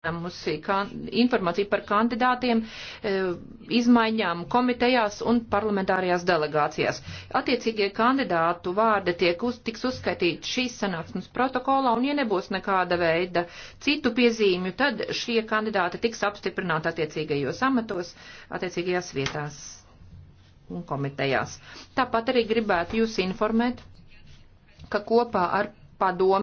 saņēmusi informāciju par kandidātiem, e, izmaiņām komitejās un parlamentārajās delegācijās. Attiecīgie kandidātu vārdi tiek uz, tiks uzskaitīti šīs sanāksmes protokolā, un ja nebūs nekāda veida citu piezīmju, tad šie kandidāti tiks apstiprināti attiecīgajos amatos, attiecīgajās vietās un komitejās. Tāpat arī gribētu jūs informēt, ka kopā ar padomu